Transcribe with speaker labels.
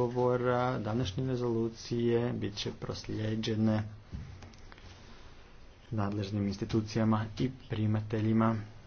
Speaker 1: odgovora današnje rezolucije bit će prosljeđene nadležnim institucijama i primateljima.